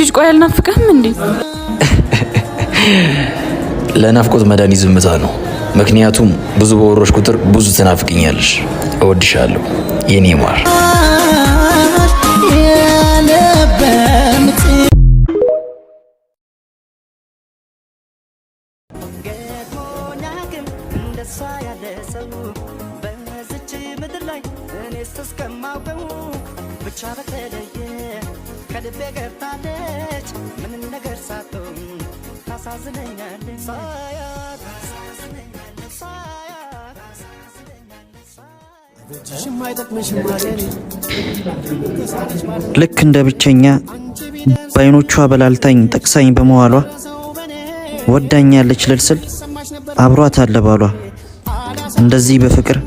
ልጅ ቆይ አልናፍቅህም እንዴ? ለናፍቆት መድኃኒት ዝምታ ነው። ምክንያቱም ብዙ በወሮች ቁጥር ብዙ ትናፍቅኛለሽ። እወድሻለሁ የኔ ማር። ብቻ በተለየ ከልቤ ገብታለ ምንም ነገር ሳትሆን ታሳዝነኛለች ሳያት ልክ እንደ ብቸኛ በአይኖቿ በላልታኝ ጠቅሳኝ በመዋሏ ወዳኛለች ልልስል አብሯት አለ ባሏ። እንደዚህ በፍቅር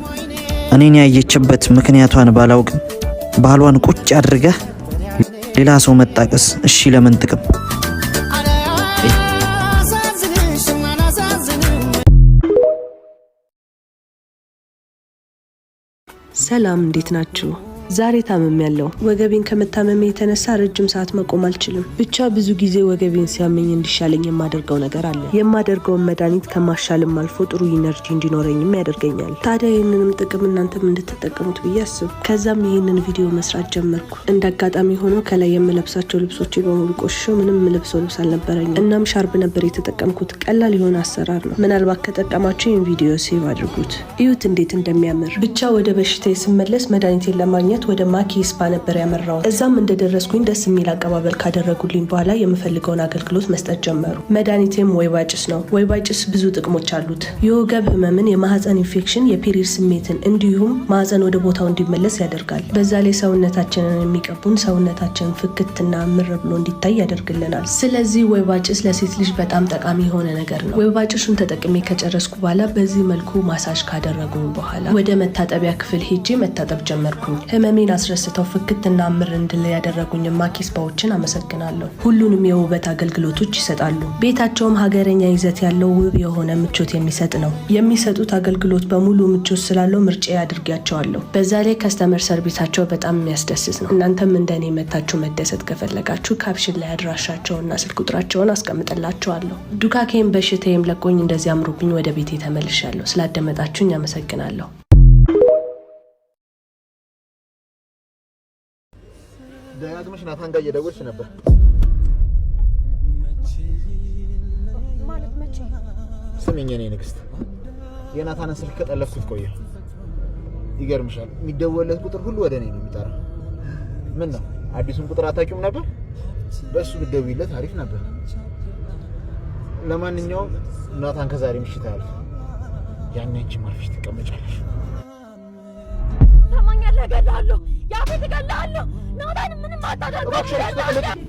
እኔን ያየችበት ምክንያቷን ባላውቅም ባሏን ቁጭ አድርጋ ሌላ ሰው መጣቀስ እሺ ለምን ጥቅም? ሰላም፣ እንዴት ናችሁ? ዛሬ ታመም ያለው ወገቤን ከመታመሜ የተነሳ ረጅም ሰዓት መቆም አልችልም። ብቻ ብዙ ጊዜ ወገቤን ሲያመኝ እንዲሻለኝ የማደርገው ነገር አለ። የማደርገውን መድኃኒት ከማሻልም አልፎ ጥሩ ኢነርጂ እንዲኖረኝም ያደርገኛል። ታዲያ ይህንንም ጥቅም እናንተም እንድትጠቀሙት ብዬ አስብ። ከዛም ይህንን ቪዲዮ መስራት ጀመርኩ። እንደ አጋጣሚ ሆኖ ከላይ የምለብሳቸው ልብሶች በሙሉ ቆሽሾ ምንም የምለብሰው ልብስ አልነበረኝ። እናም ሻርብ ነበር የተጠቀምኩት። ቀላል የሆነ አሰራር ነው። ምናልባት ከጠቀማቸው ይህን ቪዲዮ ሴቭ አድርጉት፣ እዩት እንዴት እንደሚያምር። ብቻ ወደ በሽታ ስመለስ መድኃኒቴን ለማግኘት ለመጎብኘት ወደ ማኪ ስፓ ነበር ያመራው። እዛም እንደደረስኩኝ ደስ የሚል አቀባበል ካደረጉልኝ በኋላ የምፈልገውን አገልግሎት መስጠት ጀመሩ። መድኃኒቴም ወይባ ጭስ ነው። ወይባ ጭስ ብዙ ጥቅሞች አሉት። የወገብ ህመምን፣ የማህፀን ኢንፌክሽን፣ የፔሪድ ስሜትን እንዲሁም ማህፀን ወደ ቦታው እንዲመለስ ያደርጋል። በዛ ላይ ሰውነታችንን የሚቀቡን ሰውነታችን ፍክትና ምር ብሎ እንዲታይ ያደርግልናል። ስለዚህ ወይባ ጭስ ለሴት ልጅ በጣም ጠቃሚ የሆነ ነገር ነው። ወይባ ጭሱን ተጠቅሜ ከጨረስኩ በኋላ በዚህ መልኩ ማሳጅ ካደረጉኝ በኋላ ወደ መታጠቢያ ክፍል ሄጄ መታጠብ ጀመርኩኝ። ህመሜን አስረስተው ፍክትና ምር እንድል ያደረጉኝ ማኪስባዎችን አመሰግናለሁ። ሁሉንም የውበት አገልግሎቶች ይሰጣሉ። ቤታቸውም ሀገረኛ ይዘት ያለው ውብ የሆነ ምቾት የሚሰጥ ነው። የሚሰጡት አገልግሎት በሙሉ ምቾት ስላለው ምርጫ አድርጊያቸዋለሁ። በዛ ላይ ከስተመር ሰርቪሳቸው በጣም የሚያስደስት ነው። እናንተም እንደኔ መታችሁ መደሰት ከፈለጋችሁ ካፕሽን ላይ አድራሻቸውና ስልክ ቁጥራቸውን አስቀምጥላቸዋለሁ። ዱካኬም በሽታዬም ለቆኝ እንደዚህ አምሮብኝ ወደ ቤቴ ተመልሻለሁ። ስላደመጣችሁኝ አመሰግናለሁ። ደጋግመሽ ናታን ጋር እየደወልሽ ነበር ማለት መቼ? ስሚኝ የኔ ንግስት፣ የናታንን ስልክ ከጠለፍኩት ቆየ። ይገርምሻል፣ የሚደወለት ቁጥር ሁሉ ወደ እኔ ነው የሚጠራ። ምን ነው አዲሱን ቁጥር አታውቂውም ነበር? በእሱ ብትደውይለት አሪፍ ነበር። ለማንኛውም ናታን ከዛሬ ምሽት ያልፍ፣ ያኔ አንቺ ማርፈሽ ትቀመጫለሽ። እገላለሁ። ያፌት እገላለሁ። ናታን ምንም አታደርገው።